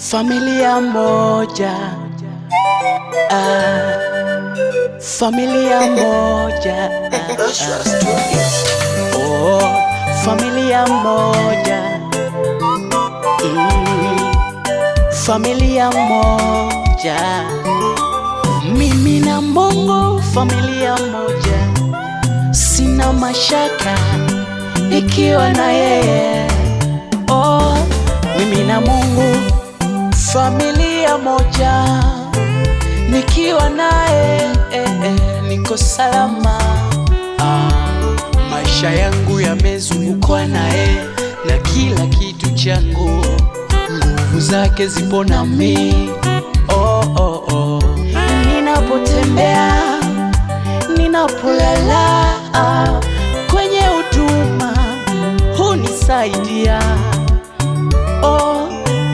Familia moja ah, familia moja ah, ah, oh, familia moja mm, familia moja mimi na mungu familia moja, sina mashaka nikiwa na yeye niko salama. Ah, maisha yangu yamezungukwa naye na kila kitu changu, nguvu zake zipo nami. Oh, oh, oh. Ninapotembea, ninapolala, kwenye huduma hunisaidia. Oh,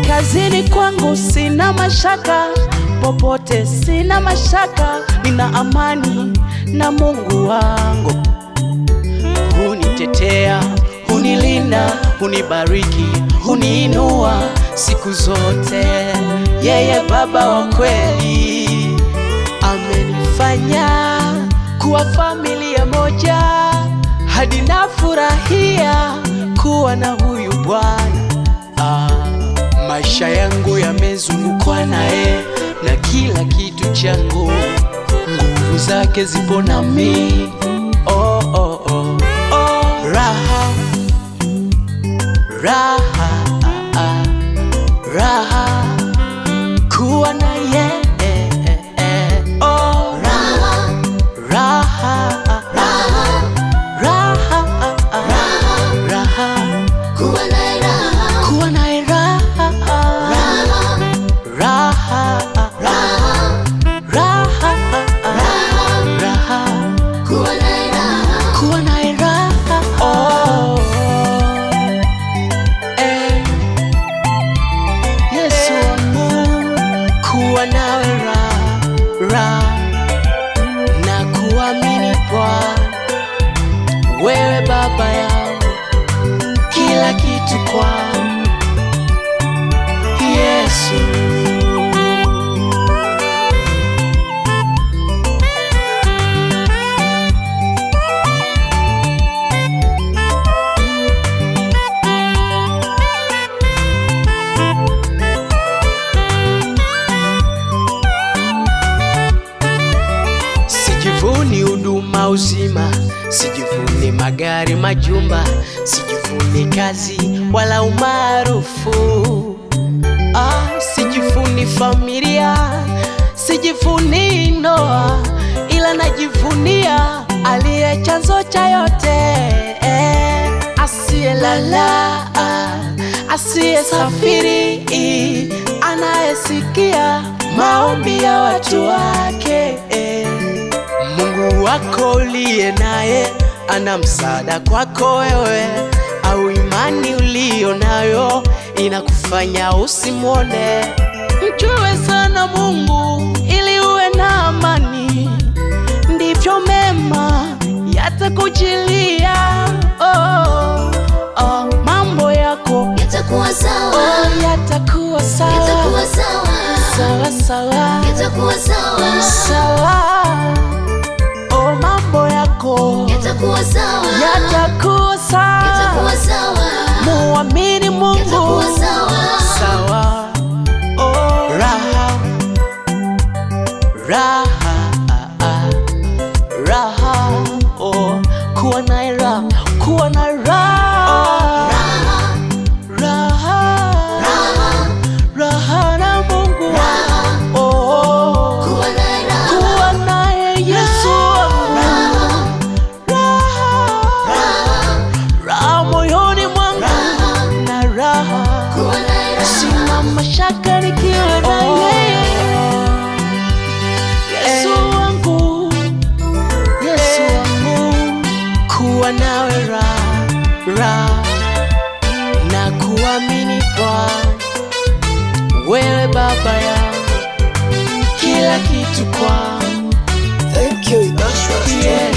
kazini kwangu sina mashaka popote, sina mashaka, nina amani na Mungu wangu. Hunitetea, hunilinda, hunibariki, huniinua siku zote. Yeye Baba wa kweli amenifanya kuwa familia moja, hadi nafurahia kuwa na huyu Bwana. Ah, maisha yangu yamezungukwa naye changu, nguvu zake zipo nami. Oh, oh, oh. Oh, raha raha ah, ah, raha bora na kuamini kwa wewe Baba yao kila kitu kwa uzima sijivuni magari, majumba, sijivuni kazi wala umaarufu. Ah, sijivuni familia, sijivuni ndoa, ila najivunia aliye chanzo cha yote eh, asiye safiri anayesikia maombi ya watu wa wako uliye naye ana msaada kwako wewe, au imani uliyo nayo inakufanya usimwone. Mjue sana Mungu ili uwe na amani, ndivyo mema yatakujilia. Oh, oh, oh mambo yako yatakuwa sawa, oh, yatakuwa sawa, yatakuwa sawa, sawa sawa, yatakuwa sawa sawa yatakuwa sawa, yatakuwa sawa, muamini Mungu sawa. Oh, raha raha ah, ah. raha, oh, kuwa na mashaka nikiwa na yeye. Oh. Yesu eh. wangu, Yesu wangu, kuwa nawe ra ra na kuamini kwa wewe baba ya kila kitu kwa Thank you, Joshua. Yeah.